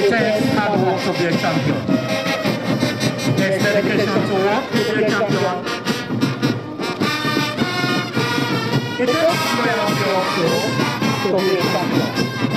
says, test hard work of the champion. There's dedication to work be a champion. It takes well of to be a champion.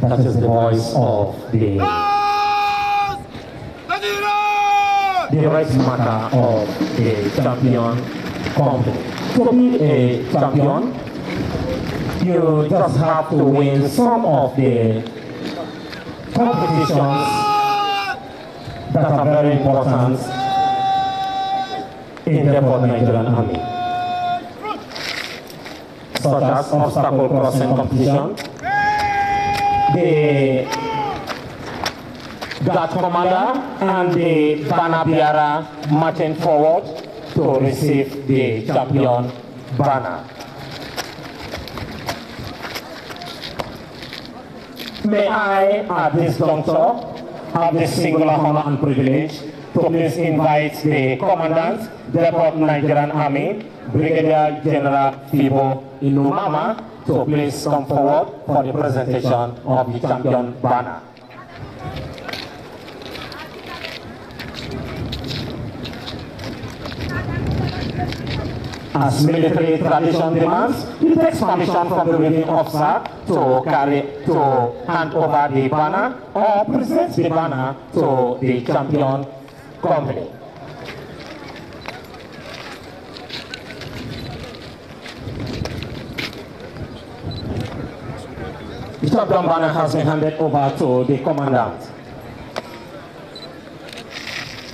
That is as the voice of the the rights matter of the champion company. To be a champion, you just have to win some of the competitions that are very important in the Port Nigerian Army, such as obstacle crossing competition, the guard commander and the banner bearer marching forward to receive the champion banner. May I, at this juncture, have the singular honor and privilege to please invite the commandant, the Nigerian Army, Brigadier General Fibo Inumama to please come forward for the presentation of the champion banner. As military tradition demands, it takes permission from the reading officer to carry to hand over the banner or present the banner to the champion company. Bishop Dambana has been handed over to the commandant.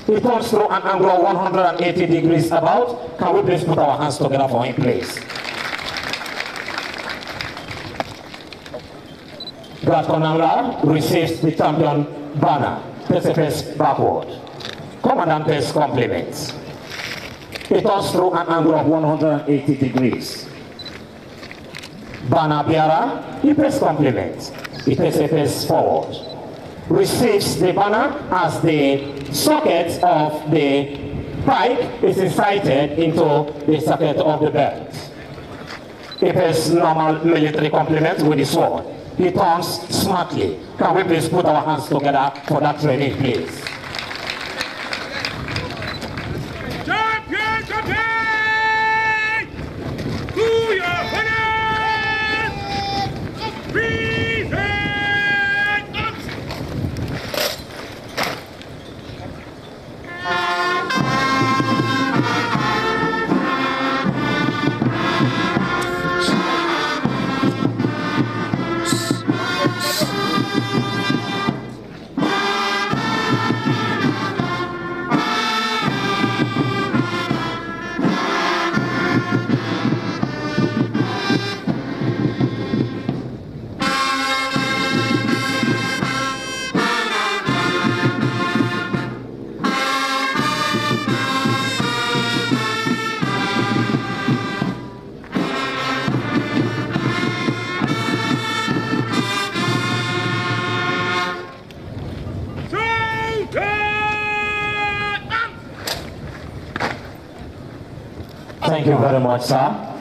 He comes through an angle of 180 degrees about. Can we please put our hands together for him, please? Gratkonanga receives the champion banner. Takes a face backward. Commandant pays compliments. He turns through an angle of 180 degrees. Bana bearer, he pays compliments. He takes a face forward. Receives the banner as the socket of the pike is inserted into the socket of the belt. He pays normal military compliments with the sword. He turns smartly. Can we please put our hands together for that training, please? Thank you very much, sir.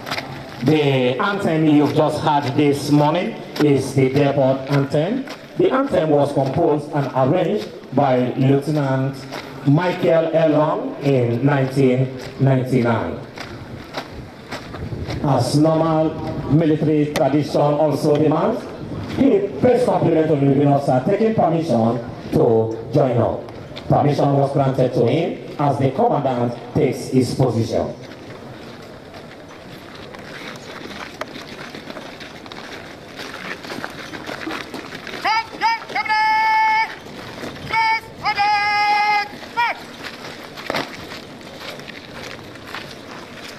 The anthem you've just heard this morning is the Depot Anthem. The anthem was composed and arranged by Lieutenant Michael Elon in 1999. As normal military tradition also demands, he pays compliment to the officer taking permission to join up. Permission was granted to him as the commandant takes his position.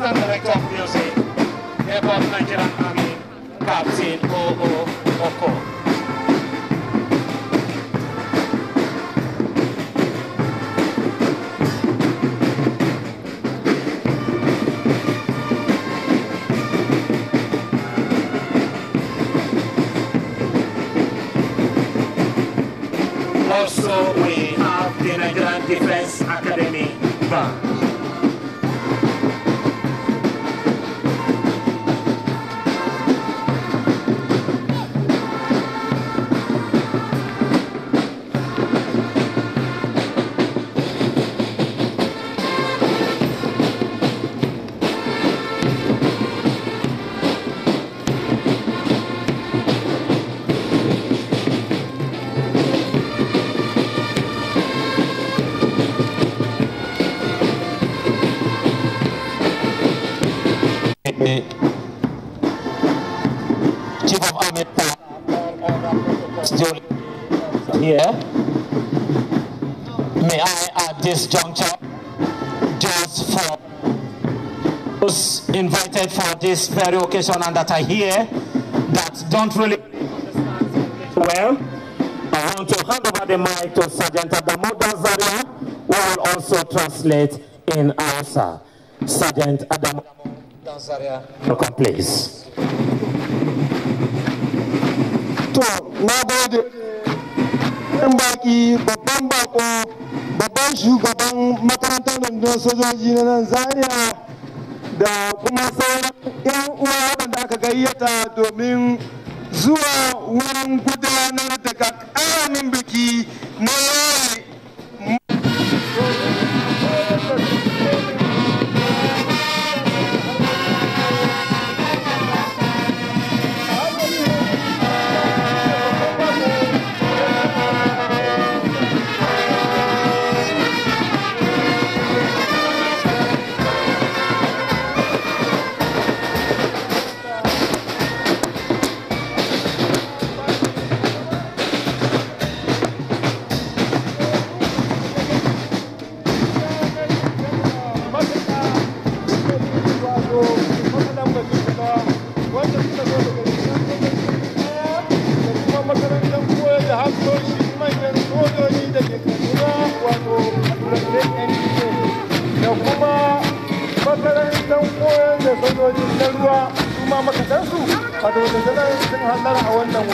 of music, hip hop Nigerian Army, Captain O.O. Oko. Also, we have the Nigerian Defense Academy Band. here. May I, at this juncture, just for those invited for this very occasion and that I hear that don't really well, I want to hand over the mic to Sergeant Adamoda Zaria, who will also translate in Hausa. Sergeant Adamoda Zaria, welcome please. To, babban baki babban bako babban shugaban makarantar rundunar sojoji na nan zaria da kuma sauran 'yan uwa waɗanda aka gayyata domin zuwa wurin gudanar da ƙaramin biki na sojoji na ruwa su ma makasarsu a dole sun hallara a wannan